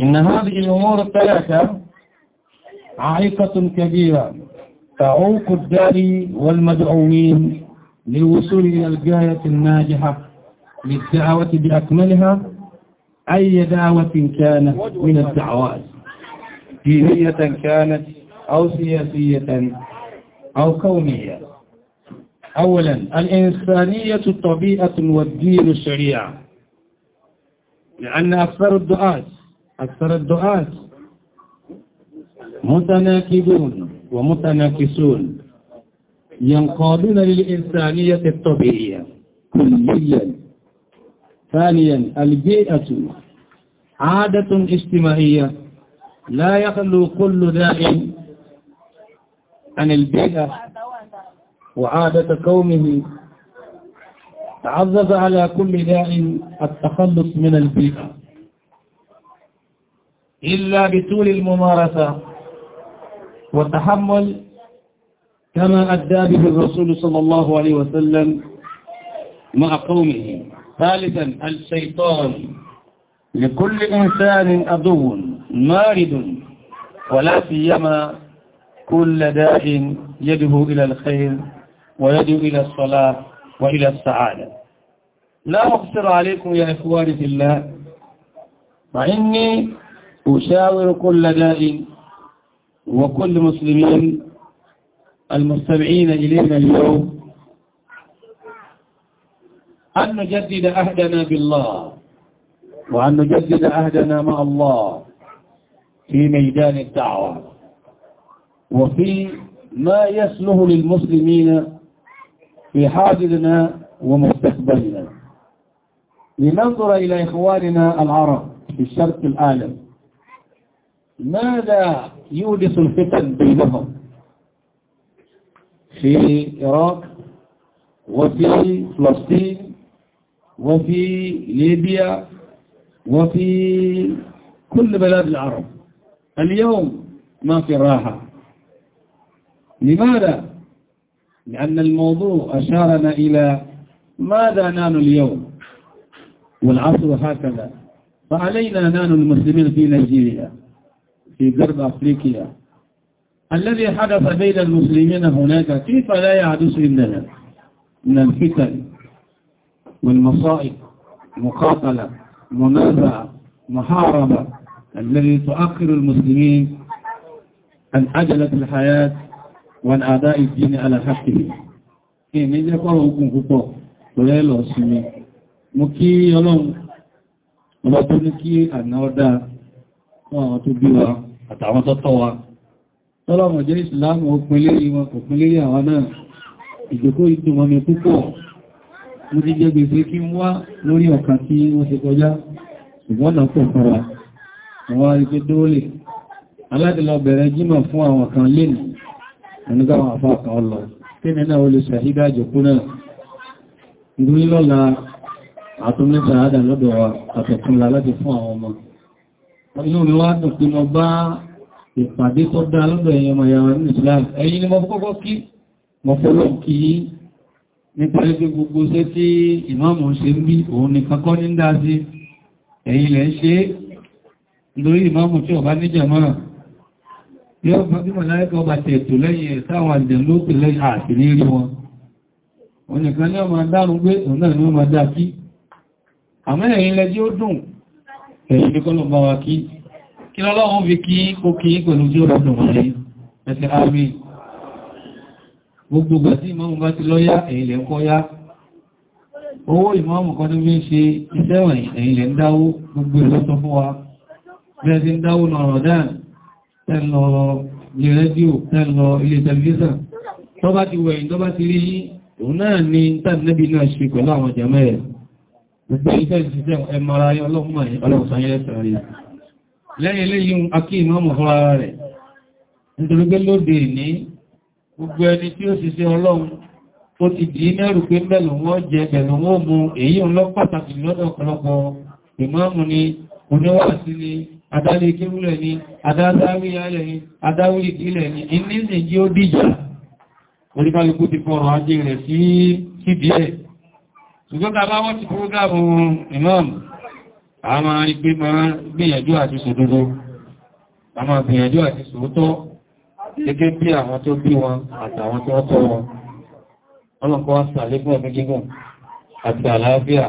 إن هذه الأمور الثلاثة عائقة كبيرة تعوق الداعي والمدعومين للوصول إلى الجاية الناجحة للدعوة بأكملها أي دعوة كانت من الدعوات دينية كانت أو سياسية أو كونية أولا الإنسانية طبيعة والدين الشريعة لأن أكثر الدعاة أكثر الدعاة متناكدون ومتناكسون ينقادون للإنسانية الطبيعية كليا ثانيا البيئة عادة اجتماعية لا يخلو كل داء عن البيئة وعادة قومه تعذب على كل داء التخلص من البيئة إلا بطول الممارسة والتحمل كما أدى به الرسول صلى الله عليه وسلم مع قومه ثالثا الشيطان لكل إنسان عدو مارد ولا سيما كل داء يده إلى الخير ويده إلى الصلاة وإلى السعادة لا أقصر عليكم يا إخواني في الله فإني أشاور كل داء وكل مسلمين المستمعين إلينا اليوم أن نجدد أهدنا بالله وأن نجدد أهدنا مع الله في ميدان الدعوة وفي ما يسله للمسلمين في حاضرنا ومستقبلنا لننظر إلى إخواننا العرب في الشرق العالم ماذا يولد الفتن بينهم في العراق وفي فلسطين وفي ليبيا وفي كل بلاد العرب اليوم ما في راحة لماذا؟ لأن الموضوع أشارنا إلى ماذا نال اليوم والعصر هكذا فعلينا نال المسلمين في نيجيريا في غرب أفريقيا الذي حدث بين المسلمين هناك كيف لا يحدث عندنا من الفتن والمصائب مقاتلة منازعة محاربة الذي تؤخر المسلمين عن عجلة الحياة وعن أداء الدين على حقه èmi jẹ́ kọ́rọ̀ ogun púpọ̀ pẹ̀lẹ́ lọ sí mi mo kí ọlọ́run ọba tó ní kí àtàwọn tọ́tọ́ wa tọ́lọ́mọ̀ jẹ́ ìsìláàmù òpinlérí wọn kò pinlérí àwọn náà ìjòkó ìdùnmọ̀mí púpọ̀ mú ti jẹ́ gbèsè kí ń wá lórí ọ̀kan tí wọ́n ti kọjá ṣùgbọ́n náà pọ̀ fún wa wọ́n rí pé dóòlè aládìlọ bẹ̀rẹ̀ jímọ̀ fún àwọn kan lénìí onígbàwọn àfá kan lọ kíni náà ó lè ṣàhídá ìjòkó náà ìrú nílọ́la àtúnlẹ́sàádà lọ́dọ̀ wa àtẹ̀kùnlá láti fún àwọn ọmọ inú mi wá dùn pé mo bá ìpàdé tó dá lọ́dọ̀ ẹ̀yẹ ọmọ ní Islam ẹ̀yin ni mo kọ́kọ́ kí mo fọ́lọ̀ kí nípa wípé gbogbo ṣẹ́ tí ìmáàmù ṣe ń bí òun nìkan kọ́ ní dá sí ẹ̀yin lẹ́ ṣe lórí ìmáàmù tí ọba níjà mọ́ra yóò bá bí mọ̀láríkà ọba tẹ̀ẹ̀tò lẹ́yìn ẹ̀ táwọn àjẹ̀ ló pè lẹ́yìn àti nírí èyí bí kọ́lọ̀ bá wa kí kí lọ́lọ́run fi kí kó kí pẹ̀lú tí ó rọ̀dùn wọ̀nyí ẹsẹ̀ àmì gbogbo gbà tí ìmọ́mù bá ti lọ́yá èyìnlẹ̀ ń kọ́yá owó ìmọ́mù kan tó fi ń ṣe iṣẹ́ wọ̀nyí èyìnlẹ̀ ń dáwó gbogbo ìlọ́sọ fún wa bẹ́ẹ̀ ti ń dáwó lọ rọ̀dán tẹ́lọ ilé rédíò ni gbogbo iṣẹ́ ìṣẹ́ ẹmọ́ra ayé ọlọ́mọ ọlọ́sanyẹ́lẹ́sẹ̀ rí lẹ́yìn eléyìí akí ìmọ́mù fún ara rẹ̀ nítorí pé lóde ní gbogbo ẹni tí ó ṣiṣẹ́ ọlọ́run ó ti dì mẹ́rù pé bẹ́lù wọ́n jẹ bẹ̀lù wọ́n mú èyí ń lọ pàtàkì lọ́dọ̀ ọ̀pọ̀lọpọ̀ ìmọ́mù ni ni adárí ni adádáwí alẹ̀ ni adáwí ìdílẹ̀ ni iní nìjí ó dìjà oníkálukú ti fọ̀rọ̀ ajé rẹ̀ sí ṣùgbọ́n ta bá wọ́n ti púrógámù imam a máa rí pé máa gbìyànjú àti sòdodo a máa gbìyànjú àti sòótọ́ gẹ́gẹ́ bí àwọn tó bí wọn àtàwọn tó tọ́ wọn ọlọ́pọ̀ sàlékún ẹ̀mí gígùn àti àlàáfíà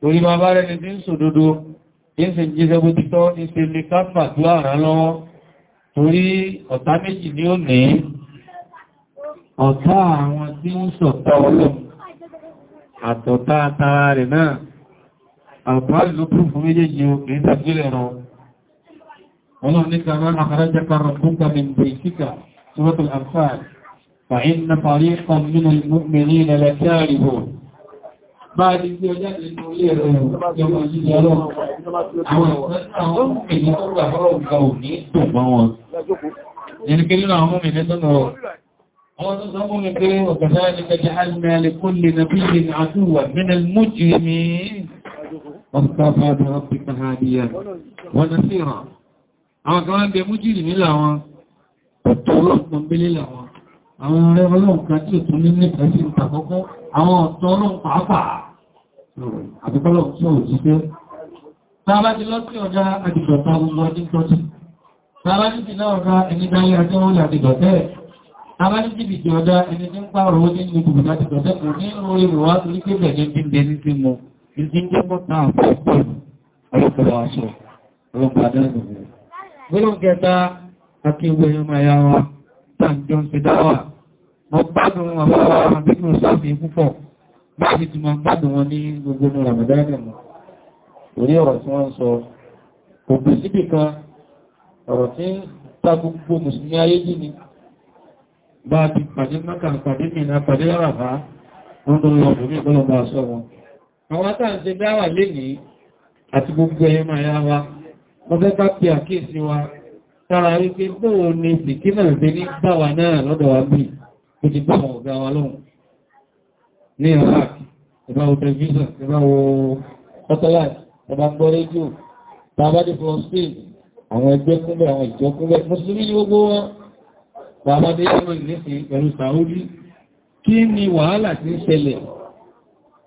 torí máa bá rẹni tí ń sòdodo ní ṣe jíṣẹ́ bó ti ọ̀tá méjì ni ó ní ọ̀tá àwọn tí ń sọ̀tọ̀ ọlọ́pọ̀ àtọ̀tá tara rẹ̀ náà alkùnrin ló kúrò fún méjèèjì òkè tàbílẹ̀ rọ ọlọ́run ní kàmá àkàrájẹ́kà rọ̀kúnkà min bèkíkà suratul Anfal fa'in na fariqan min al-mu'minina la karihun Bá tó gbà fọ́lọ̀ ìgbà ò ní tó gbọ́n tọ́nà وكذلك جعلنا لكل نبي عدوا من المجرمين وكفى بربك هاديا ونصيرا àwọn kan wá ń bẹ mújìrì nílà wọn ọ̀tọ̀ ọlọ́pọ̀ ń belé làwọn àwọn ọ̀rẹ́ ọlọ́run kan tí ò tún ní nípa sí ìtàkọ́kọ́ àwọn ọ̀tọ̀ ọlọ́run pàápàá àbíkọ́lọ̀ tí ò jíṣẹ́ tàbá ti lọ sí ọ̀dá àdìgbọ̀ta gbogbo ọdún tọ́jú tàbá abájíjìbìtì ọ̀dá ẹni tí ń pààrọ̀ ó ní ní kùbù láti tọ̀tẹ́ kò ní orí ìwà torí pé bẹ̀rẹ̀ ti ń bẹ ní sí mú ìdí ń jẹ́mọ́ náà pẹ̀lú ọlọ́pọ̀lọ́ aṣọ ọlọ́pàá Gbọ́n kẹta àti ìwé ọmọ ya wa, tàbí ṣe dáwà, mọ gbádùn àwọn àwọn àbíkùn sáàfin púpọ̀, bá ti ti mọ gbádùn wọn ní gbogbo ọmọ Ramadan mọ̀. Orí ọ̀rọ̀ tí bá ti pàdé mọ́kà pàdé mìíràn pàdé àràfá wọ́n tó lọ fún ìgbọ́lọ̀ bá sọ wọn àwọn táà ṣe dáwà lénìí àti gbogbo ẹ̀yẹ máa yá wa wọ́n fẹ́ bá pẹ àkíyèsí wa tára ni sìkínà ṣe ní báwa náà lọ́dọ̀ wa bí ó ti bá ọ̀gá wa lóhun ní iraq ìbá wo tẹlifíṣàn ìbá wo gbọ́ rédíò tàbá dé spain àwọn ẹgbẹ́ kúnlẹ̀ àwọn ìjọ kúnlẹ̀ mùsùlùmí ni gbogbo wọn bàbá dé yẹ́mọ̀ nísìn pẹ̀lú Saudi kí ni wàhálà ti ń ṣẹlẹ̀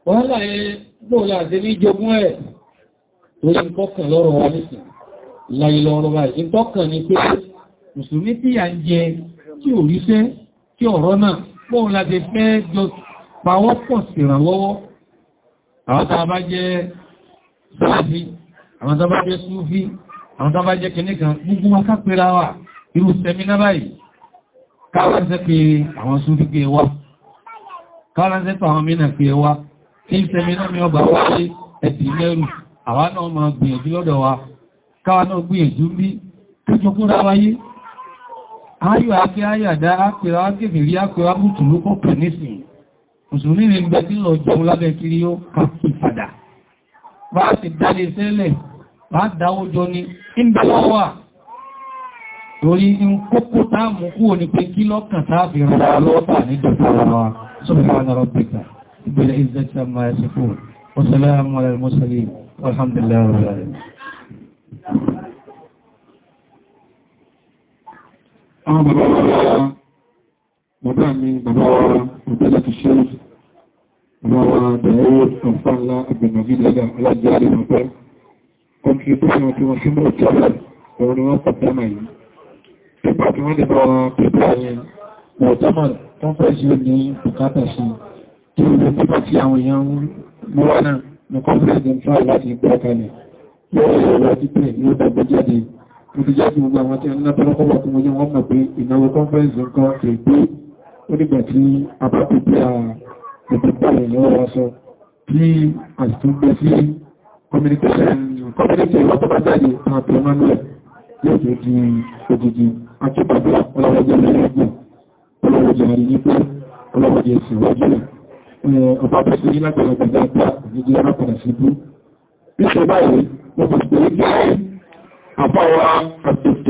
wàhálà ẹ gbóòlà àti ní jogún ẹ̀ tó yẹ kọ́kàn lọ́rọ̀ wa nísìn láyìlọ ọ̀rọ̀ báyìí tọ́kàn ni pé mùsùlùmí tí à ń jẹ tí ò ríṣẹ́ tí ọ̀rọ̀ náà gbóòlà ti fẹ́ a bá jẹ́ a bá jẹ́ a bá jẹ́ kìnnìkan gbogbo wa ká pera wa irú sẹ́mínà báyìí káwàṣẹ́ pé àwọn súnfí pé wá káwàṣẹ́ pé àwọn mìíràn pé wá tí sẹmínà mi ọba wáyé ẹ̀tì lẹ́rù àwa náà máa gbìyànjú lọ́dọ̀ wa káwa náà gbìyànjú bí tójókúnra wáyé ayò àti ayàdá ápèrà ákèfèrí ápèrà mùtùlú kọ́ pẹ̀nísìn mùsùlùmí ni gbẹ tí lọ jẹun lábẹ́ kiri ó kàkì padà bá torí ní kókó táàmù kúrò ní pé kí lọ́kàn táàfi rọrọ lọ́pàá ní dọ̀fọ́rọwà subhana rabbika bil izzati amma yasifun wa salamun ala al-mursalin walhamdulillahi rabbil alamin àwọn bàbá wa bàbá mi bàbá wa ìbẹ̀lẹ̀ ti ṣe bàbá wa dẹ̀ẹ́wò ọ̀fánlá agbẹ̀nàgídẹ́gà alájẹ́ àdínàfẹ́ ọkì tó fẹ́ wọn tí wọ́n sí mọ́ ìjọba ọ̀rọ̀ wọn pàtàkì pípà kí wọ́n lè lọ pípà wọ̀tọ́mọ̀ tó fẹ́ sí ní bùkátà sí tí ó lè pípà tí àwọn èèyàn mú wá náà ní kọ́nfẹ́sì ń tọ́ láti gbọ́kalẹ̀ yóò lè lọ títẹ̀ yóò dàgbé jáde ó ti jáde gbogbo àwọn tí ẹ̀nà tọ́lọ́kọ́ wà tó wọ́n mọ̀ pé ìnáwó kọ́nfẹ́sì ń kọ́ kè pé ó dìgbà tí a bá pèpè àpèpèpàlẹ̀ lọ́wọ́ wa sọ bí àtúntò sí communication community wọ́n tó bá jáde àpè manuel yóò tó di odidi akíkàgbà ọlọ́wọ́jẹ́ mẹ́rẹ́gbẹ̀ ọlọ́wọ́jẹ́ àríyípé ọlọ́wọ́jẹ́ ìsìnwájú ọba tó sí lágbẹ̀rẹ̀ dáadáa ìdíje arákùnrin síbú. Bíṣẹ́ báyìí, mo mọ̀ pé gbáyé àbáwọ̀ àtẹ̀tẹ̀